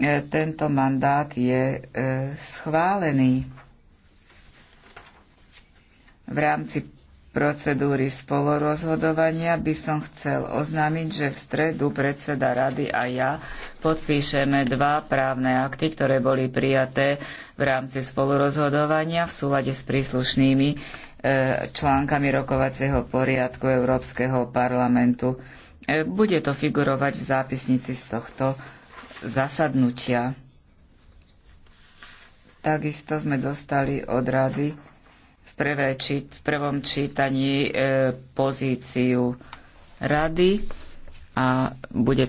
E, tento mandát je e, schválený v rámci procedúry spolorozhodovania by som chcel oznámiť, že v stredu predseda rady a ja podpíšeme dva právne akty, ktoré boli prijaté v rámci spolurozhodovania v súlade s príslušnými e, článkami rokovacieho poriadku Európskeho parlamentu. Bude to figurovať v zápisnici z tohto zasadnutia. Takisto sme dostali od rady v, prvé, v prvom čítaní e, pozíciu rady a bude to